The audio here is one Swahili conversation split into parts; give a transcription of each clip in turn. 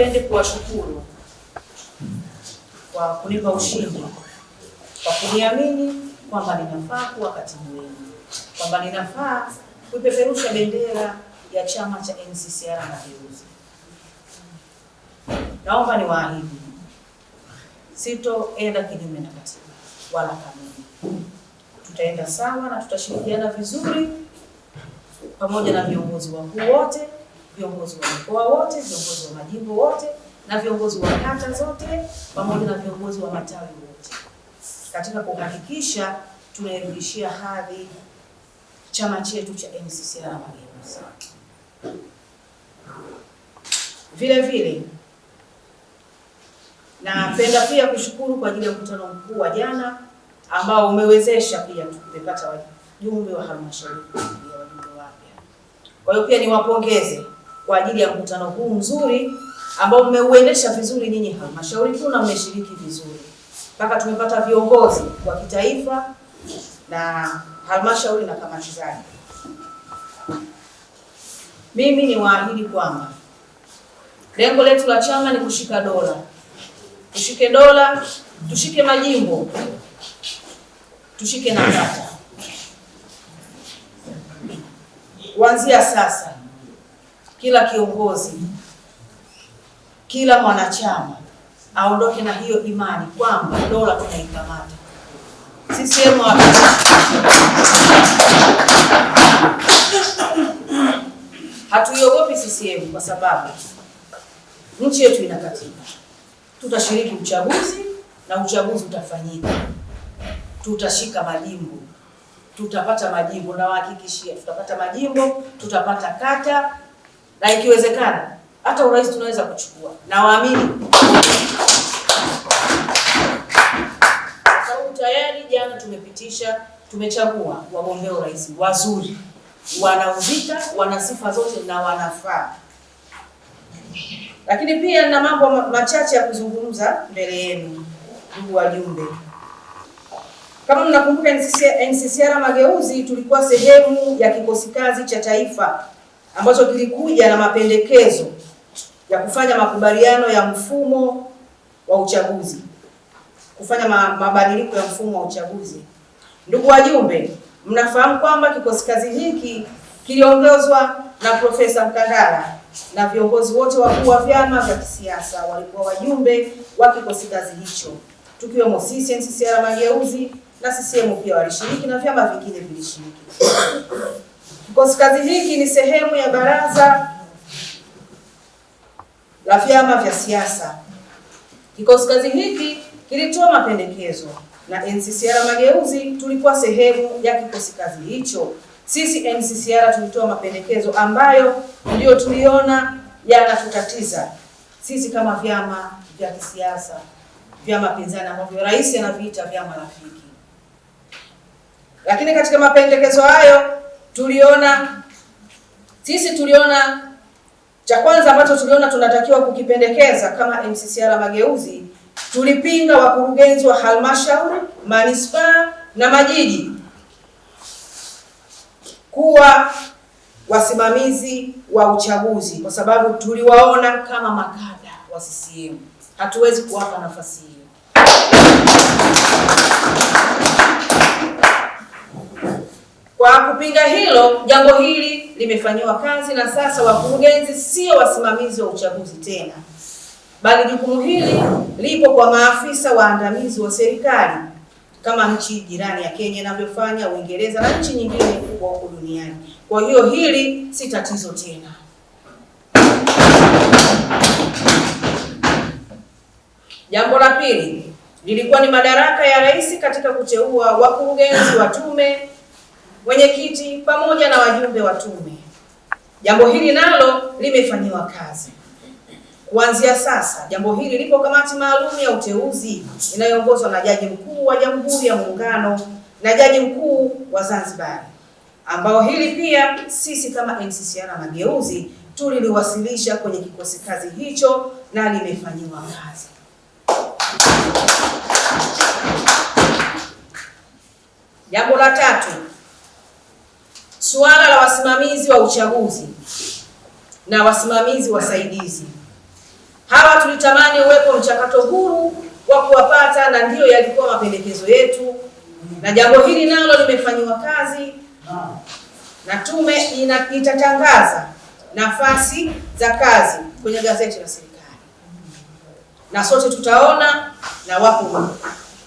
nipende kuwashukuru kwa kunipa ushindi, kwa kuniamini kwamba ninafaa kuwa katibu wenu, kwamba ninafaa kuipeperusha bendera ya chama cha NCCR Mageuzi. Naomba niwaahidi sitoenda kinyume na katiba wala kanuni, tutaenda sawa na tutashirikiana vizuri pamoja na viongozi wakuu wote viongozi wa mkoa wote, viongozi wa majimbo wote, na viongozi wa kata zote, pamoja na viongozi wa matawi wote, katika kuhakikisha tunairudishia hadhi chama chetu cha NCCR Mageuzi. Vile vile napenda pia kushukuru kwa ajili ya mkutano mkuu wa jana ambao umewezesha pia tumepata wajumbe wa halmashauri ya wajumbe wapya. Kwa hiyo pia niwapongeze kwa ajili ya mkutano huu mzuri ambao mmeuendesha vizuri nyinyi halmashauri kuu na mmeshiriki vizuri mpaka tumepata viongozi wa kitaifa na halmashauri na kamati zake. Mimi ni waahidi kwamba lengo letu la chama ni kushika dola, tushike dola, tushike majimbo, tushike na kata kuanzia sasa kila kiongozi, kila mwanachama aondoke na hiyo imani kwamba dola tunaikamata. CCM hatuiogopi CCM kwa sababu nchi yetu ina katiba. Tutashiriki uchaguzi na uchaguzi utafanyika, tutashika majimbo, tutapata majimbo, nawahakikishia tutapata majimbo, tutapata kata na ikiwezekana hata urais tunaweza kuchukua, na waamini sababu tayari jana tumepitisha, tumechagua wagombea urais wazuri, wanauzika, wana sifa zote na wanafaa. Lakini pia na mambo machache ya kuzungumza mbele yenu, ndugu wajumbe. Kama mnakumbuka NCCR Mageuzi tulikuwa sehemu ya kikosi kazi cha taifa ambazo kilikuja na mapendekezo ya kufanya makubaliano ya mfumo wa uchaguzi, kufanya mabadiliko ya mfumo wa uchaguzi. Ndugu wajumbe, mnafahamu kwamba kikosi kazi hiki kiliongozwa na Profesa Mkandala na viongozi wote wakuu wa vyama vya kisiasa walikuwa wajumbe wa kikosi kazi hicho, tukiwemo sisi NCCR Mageuzi na CCM pia walishiriki na vyama vingine vilishiriki. Kikosi kazi hiki ni sehemu ya baraza la vyama vya siasa. Kikosi kazi hiki kilitoa mapendekezo na NCCR Mageuzi tulikuwa sehemu ya kikosi kazi hicho. Sisi NCCR tulitoa mapendekezo ambayo ndiyo tuliona yanatutatiza sisi kama vyama vya kisiasa, vyama pinzani ambavyo rais anaviita vyama rafiki. Lakini katika mapendekezo hayo tuliona sisi tuliona cha kwanza ambacho tuliona tunatakiwa kukipendekeza kama MCCR Mageuzi, tulipinga wakurugenzi wa halmashauri, manispaa na majiji kuwa wasimamizi wa uchaguzi, kwa sababu tuliwaona kama makada wa CCM. Hatuwezi kuwapa nafasi hiyo. Kwa kupinga hilo, jambo hili limefanyiwa kazi na sasa wakurugenzi sio wasimamizi wa uchaguzi tena, bali jukumu hili lipo kwa maafisa waandamizi wa serikali kama nchi jirani ya Kenya inavyofanya, Uingereza na nchi nyingine kubwa huko duniani. Kwa hiyo hili si tatizo tena. Jambo la pili lilikuwa ni madaraka ya rais katika kuteua wakurugenzi wa tume mwenyekiti pamoja na wajumbe wa tume. Jambo hili nalo limefanyiwa kazi. Kuanzia sasa, jambo hili lipo kamati maalum ya uteuzi inayoongozwa na Jaji Mkuu wa Jamhuri ya Muungano na Jaji Mkuu wa Zanzibar, ambao hili pia sisi kama NCCR Mageuzi tuliliwasilisha kwenye kikosi kazi hicho na limefanyiwa kazi. Jambo la tatu suala la wasimamizi wa uchaguzi na wasimamizi wasaidizi. Hawa tulitamani uwepo mchakato huru wa kuwapata, na ndiyo yalikuwa mapendekezo yetu, na jambo hili nalo limefanyiwa kazi na tume itatangaza nafasi za kazi kwenye gazeti la serikali, na sote tutaona, na wapo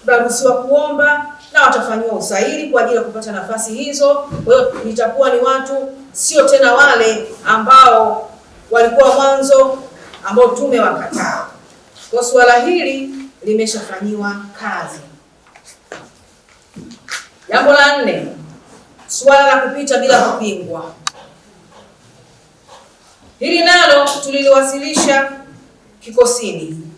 wanaruhusiwa kuomba na watafanyiwa usaili kwa ajili ya kupata nafasi hizo. Kwa hiyo nitakuwa ni watu sio tena wale ambao walikuwa mwanzo ambao tume wakataa. Kwa suala hili limeshafanyiwa kazi. Jambo la nne, suala la kupita bila kupingwa. Hili nalo tuliliwasilisha kikosini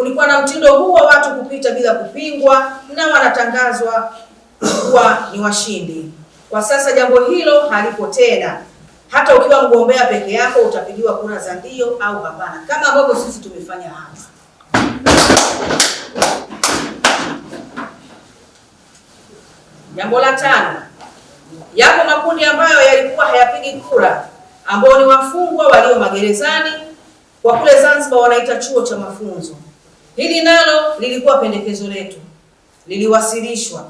Kulikuwa na mtindo huu wa watu kupita bila kupingwa na wanatangazwa kuwa ni washindi. Kwa sasa jambo hilo halipo tena. Hata ukiwa mgombea peke yako utapigiwa kura za ndio au hapana, kama ambavyo sisi tumefanya hapa. Jambo la tano, yapo makundi ambayo yalikuwa hayapigi kura, ambao ni wafungwa walio magerezani. Kwa kule Zanzibar wanaita chuo cha mafunzo. Hili nalo lilikuwa pendekezo letu, liliwasilishwa,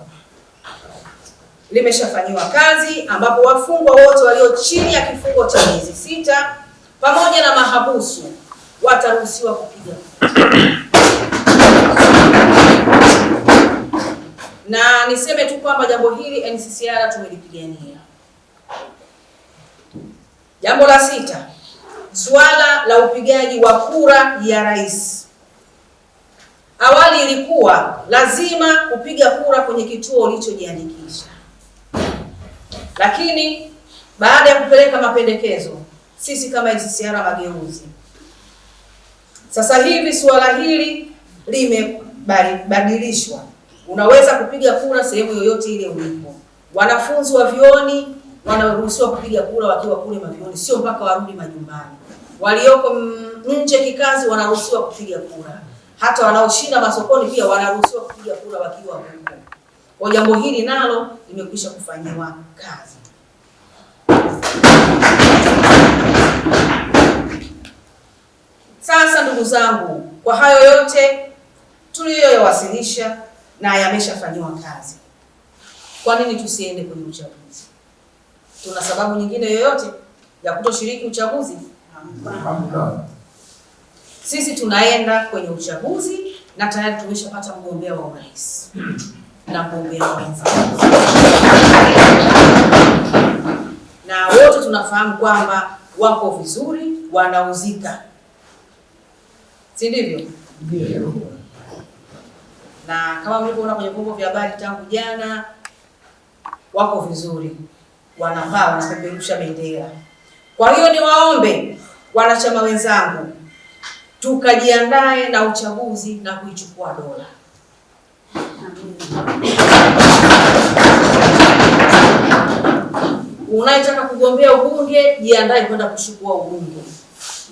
limeshafanyiwa kazi, ambapo wafungwa wote walio chini ya kifungo cha miezi sita pamoja na mahabusu wataruhusiwa kupiga na niseme tu kwamba jambo hili NCCR tumelipigania. Jambo la sita, suala la upigaji wa kura ya rais. Awali ilikuwa lazima kupiga kura kwenye kituo ulichojiandikisha, lakini baada ya kupeleka mapendekezo sisi kama NCCR Mageuzi, sasa hivi suala hili limebadilishwa. Unaweza kupiga kura sehemu yoyote ile ulipo. Wanafunzi wa vioni wanaruhusiwa kupiga kura wakiwa kule mavioni, sio mpaka warudi majumbani. Walioko nje kikazi wanaruhusiwa kupiga kura hata wanaoshinda masokoni pia wanaruhusiwa kupiga kura wakiwa huko. Kwa jambo hili nalo limekwisha kufanyiwa kazi. Sasa ndugu zangu, kwa hayo yote tuliyoyawasilisha na yameshafanyiwa kazi, kwa nini tusiende kwenye uchaguzi? Tuna sababu nyingine yoyote ya kutoshiriki uchaguzi? Hamna. Sisi tunaenda kwenye uchaguzi na tayari tumeshapata mgombea wa urais na mgombea mwenza, na wote tunafahamu kwamba wako vizuri, wanauzika, si ndivyo? Na kama mlivyoona kwenye vyombo vya habari tangu jana, wako vizuri, wanapaa, wanapeperusha bendera. Kwa hiyo niwaombe wanachama wenzangu tukajiandae na uchaguzi na kuichukua dola. Unayetaka kugombea ubunge, jiandae kwenda kuchukua ubunge,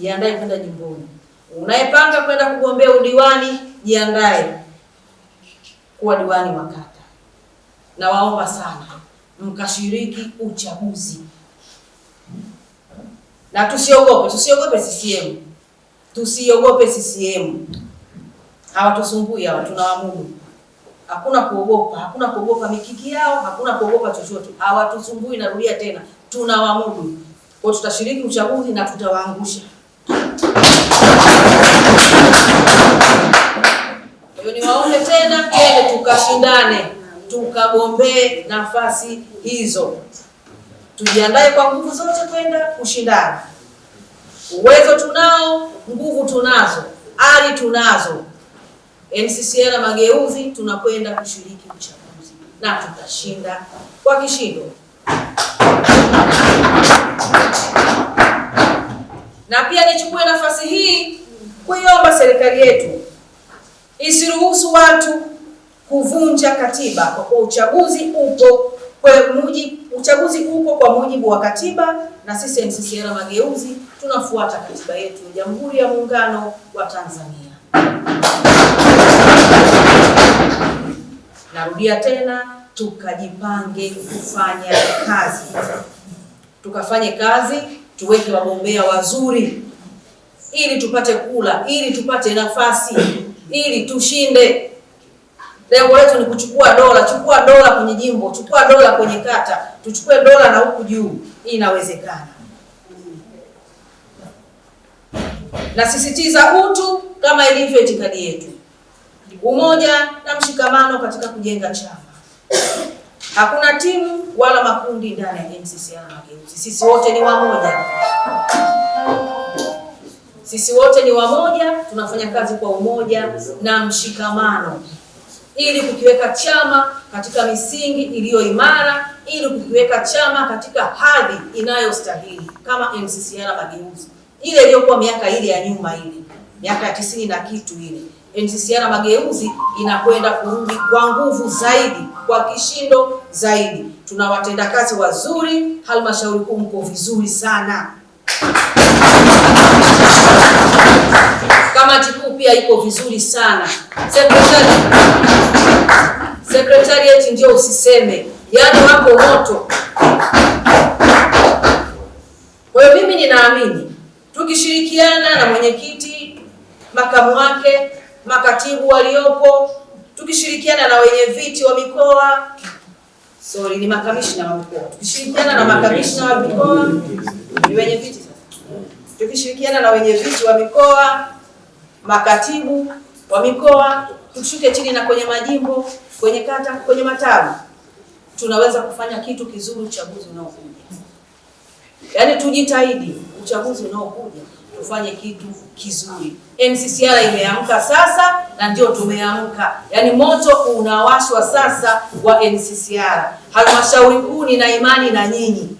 jiandae kwenda jimboni. Unayepanga kwenda kugombea udiwani, jiandae kuwa diwani wa kata. Na waomba sana mkashiriki uchaguzi, na tusiogope, tusiogope CCM. Tusiogope CCM, hawatusumbui hawa, tunawaamudu. Hakuna kuogopa, hakuna kuogopa mikiki yao, hakuna kuogopa chochote, hawatusumbui. Narudia tena, tunawaamudu kwa, tutashiriki uchaguzi na tutawaangusha. Hiyo ni waombe tena, twende tukashindane, tukagombee nafasi hizo, tujiandae kwa nguvu zote kwenda kushindana. Uwezo tunao, nguvu tunazo, ari tunazo. NCCR Mageuzi tunakwenda kushiriki uchaguzi na tutashinda kwa kishindo. Na pia nichukue nafasi hii kuiomba serikali yetu isiruhusu watu kuvunja katiba kwa kuwa uchaguzi upo kwa hiyo uchaguzi upo kwa mujibu wa katiba, na sisi NCCR Mageuzi tunafuata katiba yetu ya Jamhuri ya Muungano wa Tanzania. Narudia tena, tukajipange kufanya kazi, tukafanye kazi, tuweke wagombea wazuri ili tupate kula, ili tupate nafasi, ili tushinde. Lengo letu ni kuchukua dola, chukua dola kwenye jimbo, chukua dola kwenye kata, tuchukue dola na huku juu. Inawezekana. Nasisitiza utu kama ilivyo itikadi yetu, umoja na mshikamano katika kujenga chama. Hakuna timu wala makundi ndani ya MCCR Mageuzi. Sisi wote ni wamoja, sisi wote ni wamoja, tunafanya kazi kwa umoja na mshikamano ili kukiweka chama katika misingi iliyo imara, ili kukiweka chama katika hadhi inayostahili kama NCCR Mageuzi ile iliyokuwa miaka ile ya nyuma, ile miaka ya tisini na kitu ile NCCR Mageuzi inakwenda kurudi kwa nguvu zaidi, kwa kishindo zaidi. Tuna watendakazi wazuri, halmashauri kuu mko vizuri sana, kamati kuu mpya iko vizuri sana. Sekretarieti ndio usiseme, yaani wako moto. Kwa hiyo mimi ninaamini tukishirikiana na mwenyekiti, makamu wake, makatibu waliopo, tukishirikiana na wenye viti wa mikoa sorry, ni makamishna wa mikoa, tukishirikiana na makamishna wa mikoa, ni wenye viti sasa, tukishirikiana na wenye viti wa mikoa makatibu wa mikoa, tushuke chini na kwenye majimbo, kwenye kata, kwenye matawi, tunaweza kufanya kitu kizuri uchaguzi unaokuja. Yaani tujitahidi uchaguzi unaokuja tufanye kitu kizuri. NCCR imeamka sasa, na ndio tumeamka, yaani moto unawashwa sasa wa NCCR. Halmashauri kuu, nina imani na nyinyi,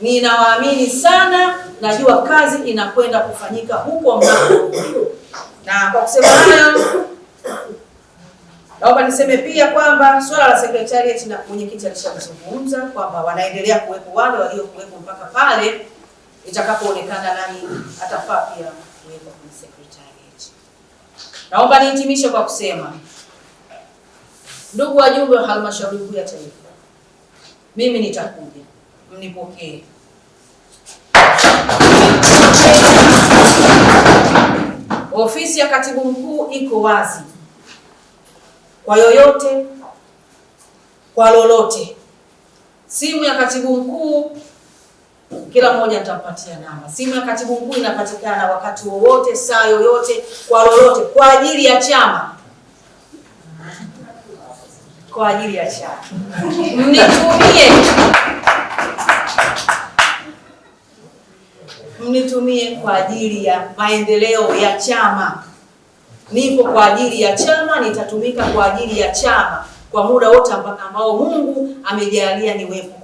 ninawaamini sana, najua kazi inakwenda kufanyika huko mnako na kwa kusema hayo, naomba niseme pia kwamba swala la sekretariat na mwenyekiti alishazungumza kwamba wanaendelea kuwepo wale waliokuwepo mpaka pale itakapoonekana nani atafaa pia kuwepo kwenye sekretariat. Naomba nihitimishe kwa kusema, ndugu wajumbe wa halmashauri kuu ya taifa, mimi nitakuja mnipokee. Ofisi ya Katibu Mkuu iko wazi kwa yoyote, kwa lolote. Simu ya Katibu Mkuu kila mmoja nitampatia namba. Simu ya Katibu Mkuu inapatikana wakati wowote, saa yoyote, kwa lolote, kwa ajili ya chama, kwa ajili ya chama mnitumie nitumie kwa ajili ya maendeleo ya chama. Nipo kwa ajili ya chama, nitatumika kwa ajili ya chama kwa muda wote mpaka ambao Mungu amejalia niwepo.